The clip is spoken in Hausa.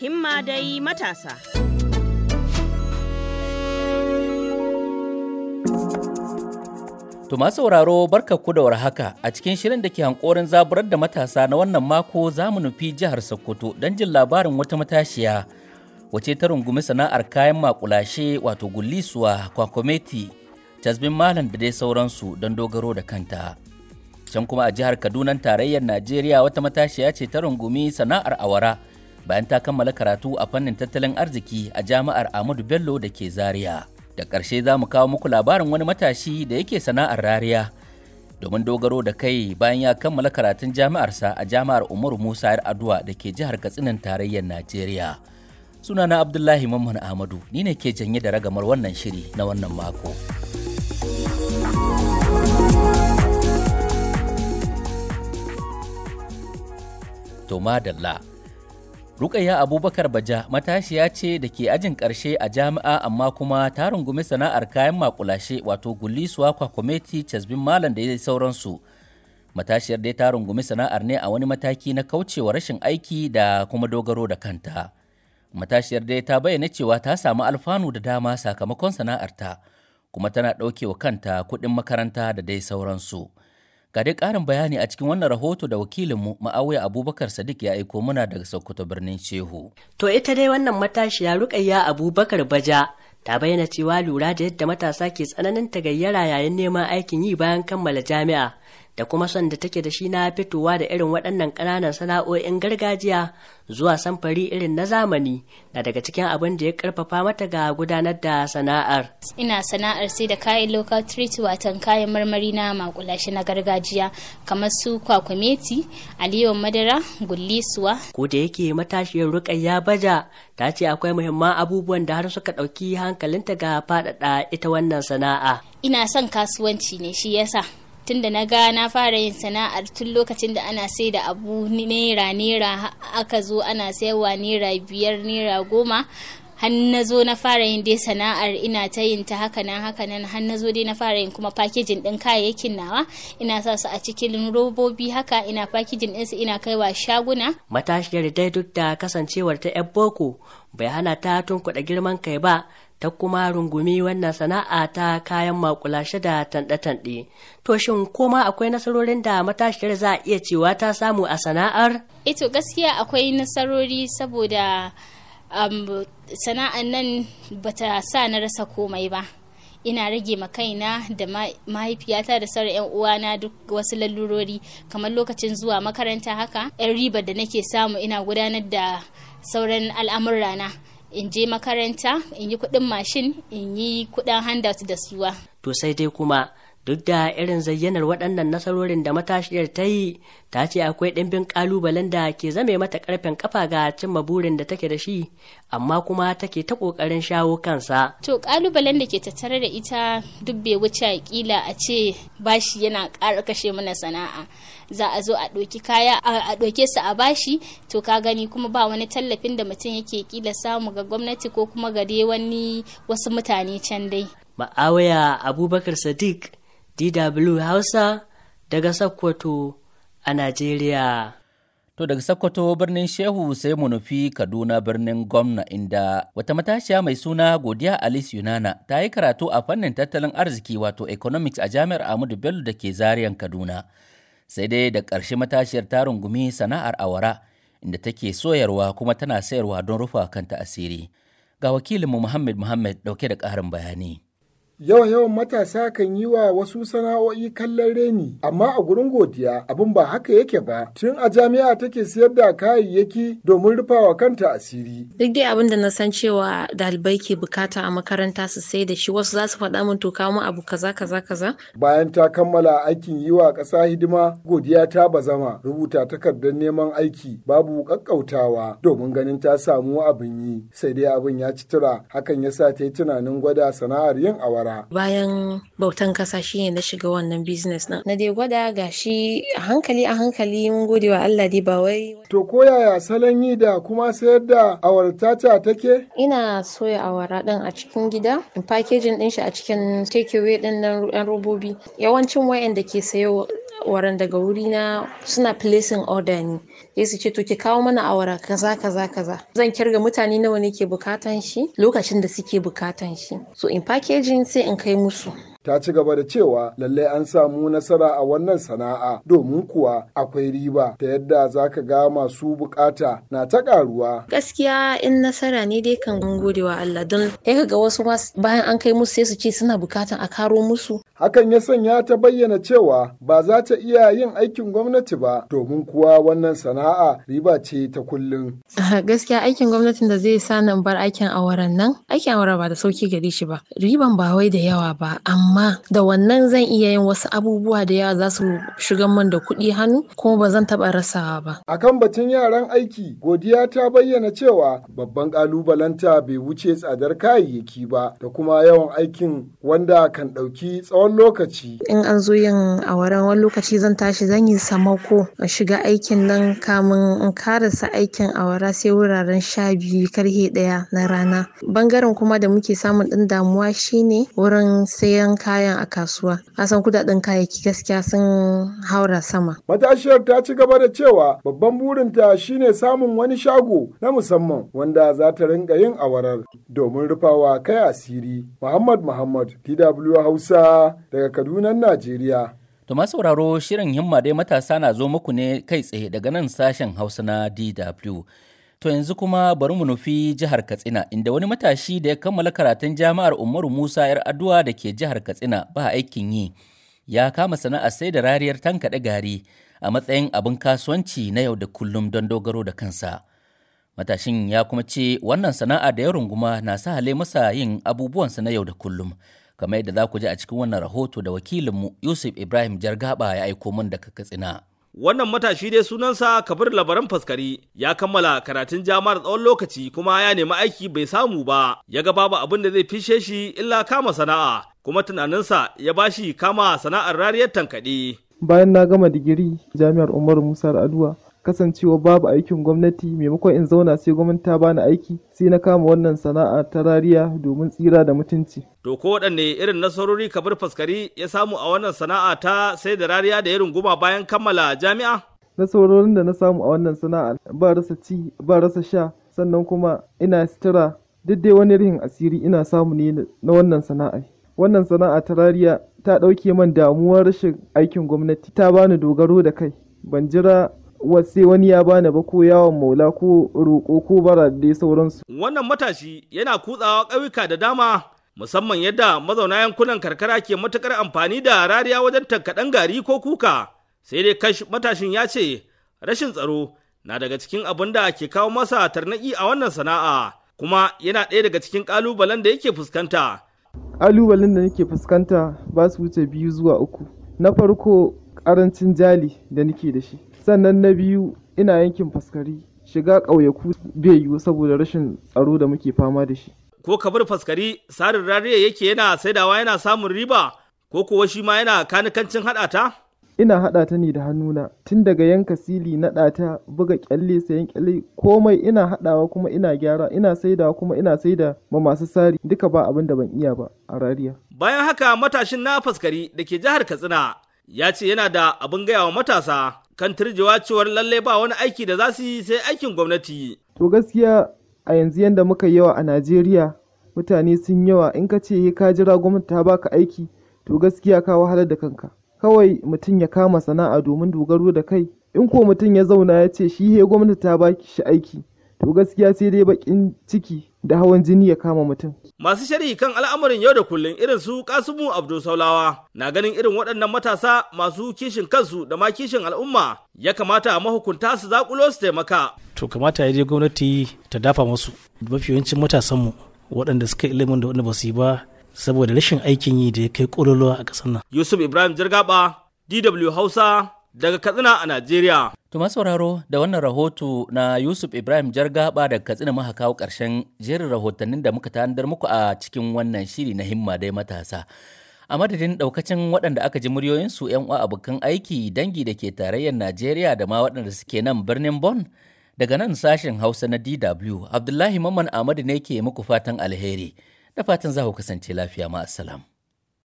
himma dai matasa. To masu sauraro ku da haka a cikin shirin da ke hankorin zaburar da matasa na wannan mako za mu nufi jihar Sokoto don jin labarin wata matashiya wace ta rungumi sana'ar kayan makulashe wato gulisuwa kwakometi tasbin malam da dai sauransu don dogaro da kanta. Can kuma a jihar Kaduna tarayyar Najeriya wata matashiya ce ta rungumi sana'ar awara bayan ta kammala karatu a fannin tattalin arziki a jami'ar Ahmadu Bello da ke Zaria. Da ƙarshe za mu kawo muku labarin wani matashi da yake sana'ar rariya domin dogaro da kai bayan ya kammala karatun jami'arsa a jami'ar Umaru Musa Yar Adua da ke jihar Katsinan tarayyar Najeriya. Sunana Abdullahi Mamman Ahmadu ni ne ke janye da ragamar wannan shiri na wannan mako. To madalla. Rukayya Abubakar Baja matashiya ce da ke ajin karshe a jami'a amma kuma ta rungumi sana'ar kayan makulashe wato kwa kwakwameti casbin malam da ya sauransu. Matashiyar dai ta rungumi sana'ar ne a wani mataki na kaucewa rashin aiki da kuma dogaro da kanta. Matashiyar dai ta bayyana cewa ta samu alfanu da dama sakamakon sana'arta kuma tana ɗaukewa kanta kuɗin makaranta da dai sauransu. Ga dai ƙarin bayani a cikin wannan rahoto da wakilinmu ma'auya Abubakar Sadiq ya aiko muna daga Sokoto birnin Shehu. To ita dai wannan matashiya Rukayya Abubakar Baja ta bayyana cewa lura da yadda matasa ke tsananin tagayyara yayin neman aikin yi bayan kammala jami'a da kuma son da take da shi na fitowa da irin waɗannan ƙananan sana'o'in gargajiya zuwa samfari irin na zamani na daga cikin abin da ya ƙarfafa mata ga gudanar da sana'ar. Ina sana'ar sai da kayan local treat watan kayan marmari na makulashi na gargajiya kamar su kwakumeti, aliyon madara, gullisuwa. Ko da yake matashiyar rukayya baja ta ce akwai muhimman abubuwan da har suka ɗauki hankalinta ga faɗaɗa ita wannan sana'a. Ina son kasuwanci ne shi yasa. tun da na ga na fara yin sana'ar tun lokacin da ana sai da abu naira naira aka zo ana sayarwa naira biyar naira goma har na na fara yin dai sana'ar ina ta yin ta haka nan haka nan har na zo dai na fara yin kuma pakejin din kayayyakin nawa ina sa su a cikin robobi haka ina din su ina kaiwa shaguna. Matashiyar dai duk da kasancewar ta yar boko bai hana ta tunkuɗa girman kai ba ta kuma rungumi wannan sana'a ta kayan makulashe da tanɗe-tanɗe. To shin koma akwai nasarorin da matashiyar za a iya cewa ta samu a sana'ar? Ito eh gaskiya akwai nasarori saboda sana'an nan ba ta sa na rasa komai ba ina rage ma kaina da mahaifiyata da sauran 'yan uwana duk wasu lalurori kamar lokacin zuwa makaranta haka 'yan riba da nake samu ina gudanar da sauran al'amurana in je makaranta in yi kuɗin mashin in yi kuɗin handout da suwa to sai dai kuma duk da irin zayyanar waɗannan nasarorin da matashiyar ta yi ta ce akwai ɗimbin ƙalubalen da ke zame mata ƙarfin kafa ga cimma burin da take da shi amma kuma take ta ƙoƙarin shawo kansa to ƙalubalen da ke tattare da ita duk bai wuce kila a ce bashi yana ƙara kashe mana sana'a za a zo a ɗauki kaya a ɗauke su a bashi to ka gani kuma ba wani tallafin da mutum yake kila samu ga gwamnati ko kuma ga dai wani wasu mutane can dai ma'awaya abubakar sadiq DW Hausa daga Sokoto a Najeriya. To daga Sokoto birnin Shehu sai mu nufi Kaduna birnin Gwamna inda wata matashiya mai suna Godiya Alice Yunana ta yi karatu a fannin tattalin arziki wato economics a jami'ar Ahmadu Bello da ke Zariyan Kaduna. Sai dai da ƙarshe matashiyar ta rungumi sana'ar awara inda take soyarwa kuma tana sayarwa don rufa kanta asiri. Ga wakilinmu Muhammad Muhammad ɗauke da ƙarin bayani. yawan yawan matasa kan yi wa wasu sana'o'i kallon reni amma a gurin godiya abin ba haka yake ba tun a jami'a take siyar da kayayyaki domin rufawa kanta asiri duk dai abin da na san cewa dalibai ke bukata a makaranta su sai da shi wasu za su faɗa min toka mu abu kaza kaza kaza bayan ta kammala aikin yi wa ƙasa hidima godiya ta bazama rubuta takardar neman aiki babu ƙaƙƙautawa domin ganin ta samu abin yi sai dai abin ya ci tura hakan ya sa ta yi tunanin gwada sana'ar yin awara ba. Bayan bautan kasa ne na shiga wannan business na. Na dai gwada ga shi a hankali a hankali mun gode wa Allah dai ba wai. To ko yaya salon yi da kuma sayar da awartata take? Ina soya awara ɗin a cikin gida, in packaging shi a cikin away ɗin nan robobi. Yawancin wayan da ke sayo waran daga wuri na suna placing order ne sai su ce to ki kawo mana awara kaza kaza kaza zan kirga mutane nawa ne ke bukatan shi lokacin da suke bukatan shi so in packaging sai in kai musu ta ci gaba da cewa lallai an samu nasara a wannan sana'a domin kuwa akwai riba ta yadda za ka ga masu bukata na ta karuwa. Gaskiya in nasara ne dai kan gode wa Allah don ya ga wasu bayan an kai musu sai su ce suna bukatan a karo musu. Hakan ya sanya ta bayyana cewa ba za ta iya yin aikin gwamnati ba domin kuwa wannan sana'a riba ce ta kullum. Gaskiya aikin gwamnatin da zai sa nan bar aikin awaran nan aikin awara ba da sauki gare shi ba riban ba wai da yawa ba amma amma da wannan zan iya yin wasu abubuwa da yawa za su shiga min da kuɗi hannu kuma ba zan taɓa rasawa ba. a kan batun yaran aiki godiya ta bayyana cewa babban ƙalubalenta bai wuce tsadar kayayyaki ba da kuma yawan aikin wanda kan ɗauki tsawon lokaci. In an zo yin awaren wani lokaci zan tashi zan yi samako a shiga aikin nan kamun in karasa aikin awara sai wuraren sha biyu karhe ɗaya na rana. Bangaren kuma da muke samun ɗin damuwa shine wurin sayan kayan a kasuwa san kudaden kayayyaki gaskiya sun haura sama matashiyar ta ci gaba da cewa babban burinta shine samun wani shago na musamman wanda za ta rinka yin awarar domin rufawa kai asiri muhammad muhammad dw hausa daga kaduna najeriya To masu sauraro shirin himma dai matasa na zo muku ne kai tsaye daga nan sashen Hausa na DW. To yanzu kuma bari mu nufi jihar Katsina inda wani matashi da ya kammala karatun jami'ar Umaru Musa 'yar Adua da ke jihar Katsina ba aikin yi ya kama sana'ar sai da rariyar tankaɗe gari a matsayin abin kasuwanci na yau da kullum don dogaro da kansa. Matashin ya kuma ce wannan sana'a da ya runguma na sa hale masa yin abubuwansa na yau da kullum. Kamar yadda za ku ji a cikin wannan rahoto da wakilinmu Yusuf Ibrahim Jargaba ya aiko min daga Katsina. Wannan matashi dai sunansa Kabir Labaran Faskari ya kammala karatun jama'ar tsawon lokaci kuma ya nemi aiki bai samu ba, ya ga babu abin da zai fishe shi illa kama sana'a, kuma tunaninsa ya bashi kama sana'ar rariyar tankaɗe. Bayan na gama digiri jami'ar Umaru Musa Aduwa kasancewa babu aikin gwamnati maimakon in zauna sai gwamnati ta bani aiki sai na kama wannan sana'a ta rariya domin tsira da mutunci. To ko waɗanne irin nasarori kabar faskari ya samu a wannan sana'a ta sai da rariya da irin guma bayan kammala jami'a? Nasarorin da na samu a wannan sana'a ba rasa ci ba rasa sha sannan kuma ina sitira duk dai wani rihin asiri ina samu ne na wannan sana'a. Wannan sana'a ta rariya ta ɗauke man damuwar rashin aikin gwamnati ta bani dogaro da kai ban jira wasi wani ya bani ba ko yawon maula ko roƙo ko bara sauransu. Wannan matashi yana kutsawa ƙauyuka da dama musamman yadda mazauna yankunan karkara ke matukar amfani da rariya wajen tankaɗen gari ko kuka sai dai kash matashin ya ce rashin tsaro na daga cikin abin da ke kawo masa tarnaƙi a wannan sana'a kuma yana ɗaya daga cikin ƙalubalen da yake fuskanta. Ƙalubalen da nake fuskanta ba su wuce biyu zuwa uku. Na farko ƙarancin jali da nake da shi. sannan na biyu ina yankin faskari shiga ƙauyaku bai yiwu saboda rashin tsaro da muke fama da shi ko ka bar faskari sarin rariya yake yana saidawa yana samun riba ko kuwa shi ma yana kanikancin haɗa ta ina haɗa ta ne da hannuna tun daga yanka sili na ɗata, buga ƙyalle, sayan kyalle komai ina haɗawa kuma ina gyara ina saidawa kuma ina saida ma masu sari duka ba abin da ban iya ba a rariya bayan haka matashin na faskari da ke jihar katsina ya ce yana da abin gaya wa matasa kan turjewa cewar lalle ba wani aiki da za su yi sai aikin gwamnati. To gaskiya a yanzu yadda muka yi yawa a Najeriya mutane sun yawa in ka ce ka jira gwamnati ta baka aiki to gaskiya ka wahalar da kanka. Kawai mutum ya kama sana'a domin dogaro da kai in ko mutum ya zauna ya ce shi he gwamnati ta baki shi aiki to gaskiya sai dai bakin ciki da hawan jini ya kama mutum. Masu sharhi kan al'amarin yau da kullum irin su Kasumu Abdul Saulawa na ganin irin waɗannan matasa masu kishin kansu da ma kishin al'umma ya kamata mahukunta su zakulo su taimaka. To kamata ya je gwamnati ta dafa musu mafi yawancin matasanmu waɗanda suka ilimin da wani ba yi ba saboda rashin aikin yi da ya kai ƙololuwa a ƙasar nan. Yusuf Ibrahim Jirgaba, DW Hausa, daga Katsina a Najeriya. Tuma sauraro da wannan rahoto na Yusuf Ibrahim Jargaba daga Katsina muka kawo ƙarshen jerin rahotannin da muka tanadar muku a cikin wannan shiri na himma dai matasa. A madadin ɗaukacin waɗanda aka ji muryoyinsu 'yan uwa abokan aiki dangi da ke tarayyar Najeriya da ma waɗanda suke nan birnin Bon daga nan sashen Hausa na DW Abdullahi Mamman Ahmadu ne ke muku fatan alheri da fatan za ku kasance lafiya ma assalam.